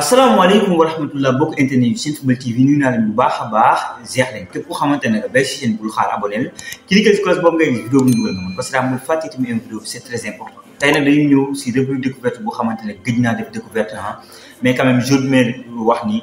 asalaamaaleykum wa rahmatullah bokk internet yi Senfootball TV ñu naa leen bu baax baax jeex leen képp ko xamantene ne bay ci seen bul xaar abonné ci cliquer ci cloche boobu ngay vidéo bu ñu dugal nga parce que daa fàtte tamit une vidéo c'est très important tay na dañu ñëw ci revue découverte bu xamantene gëj na def découverte ah mais quand même je bi wax ni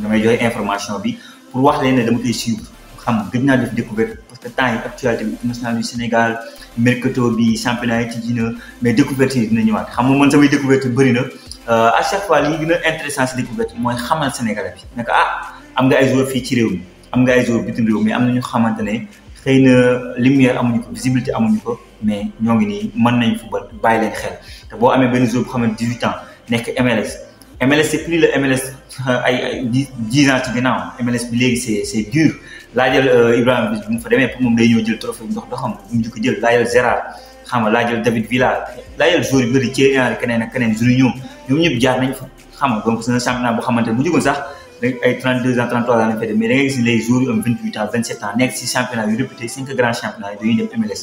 damay joxe information bi pour wax leen ne dama koy suivre xam gën naa def découverte parce que temps yi actualité bi international du Sénégal mercato bi championnat yi tijji na mais découverte dina ñëwaat xam nga man samay découverte bëri na euh, à chaque fois li gën a intéressant si découverte mooy xamal Sénégalais bi naka ah am nga ay joueurs fii ci réew mi am nga ay joueurs bitim réew mais am na ñu xamante ne xëy na lumière amuñu ko visibilité amuñu ko mais ñoo ngi nii mën nañu football bàyyi leen xel te boo amee benn joueur bu xam ne 18 ans MLS c'est plus le MLS euh, ay dix ans ci ginnaaw MLS bi c'est c'est dur Là il euh, Ibrahim bu mu fa demee pour moom day ñëw jël trophée ndox doxam il mu jikko jël laajal Gérard xam nga laajal David Villa laajal joueur yu bëri Thierry Henry keneen ak keneen Juninho ñoom ñëpp jaar nañ fa xam donc c'est un championnat boo xamante ne bu jógoon sax ay 32 ans 33 ans lañ fay dem mais les jours yu 28 ans 27 ans nekk si championnat yu réputé cinq grands championnats de dañuy dem MLS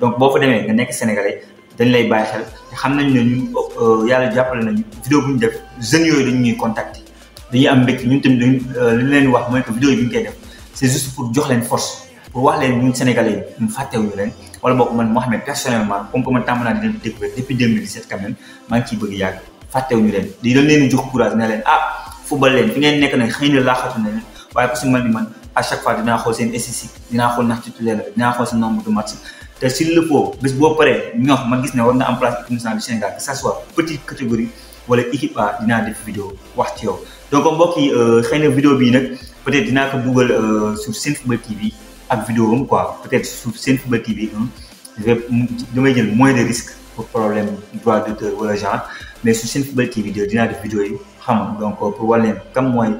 donc boo fa demee nga nekk Sénégalais dañ lay bàyyi xel te xam nañ ne ñun euh, yàlla jàppale nañu vidéo bu ñu def jeunes yooyu dañ ñuy contacter dañuy am mbégte ñun tamit dañ euh, li leen wax mooy que vidéo yi bu ñu koy def c' est juste pour jox leen force pour wax leen ñun sénégalais yi ñu fàttewuñu leen wala boog man Mohamed personnellement comme que man tàmm naa di leen découvrir depuis 2017 quand même maa ngi ciy bëgg yàgg fàttewuñu leen di dañ leen jox courage ne leen ah football leen fi ngeen nekk nag xëy na laaxatu na leen waaye parce que man ni man à chaque fois dinaa xool seen statistique dinaa xool ndax titulaire la dinaa xool sa nombre de matchs. te s'il le faut bés boo paree ñoox ma gis ne war na am place équipe nationale du Sénégal que ça soit petite catégorie wala équipe A dinaa def vidéo wax ci yow donc mbokk yi euh, xëy na vidéo bii nag peut-être dinaa ko dugal euh, sur Senfootball TV ak vidéo am quoi peut-être sur Senfootball TV damay jël moins de risque pour problème droit d'auteur wala genre mais sur Senfootball TV dinaa def vidéo yi xam donc euh, pour wàll leen kam mooy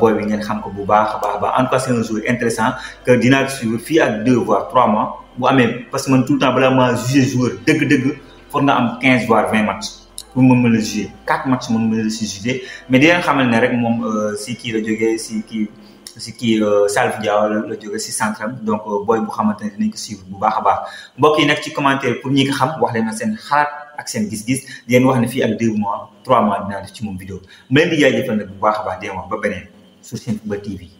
booy bi ngeen xam ko bu baax a baax a baax en tout cas c'est un jour intéressant que dinaa suivre fii ak deux voire trois mois bu amee parce que man tout le temps balaa maa jugé joueur dëgg-dëgg foog nga am quinze voire vingt match pour ma la jugé si jugé mais di nga xamal ne rek moom euh, si kii la jógee si kii si kii euh, Salif Diao la jógee si centre donc euh, booy bu xamante ne dinañ ko bu baax a baax mbokk yi nag ci commentaire pour ñi nga xam wax leen seen xalaat ak seen gis-gis di leen wax ne fii ak deux mois trois mois dinaa def ci moom vidéo mu leen di jaajëfal nag bu baax a baax di leen wax ba beneen sur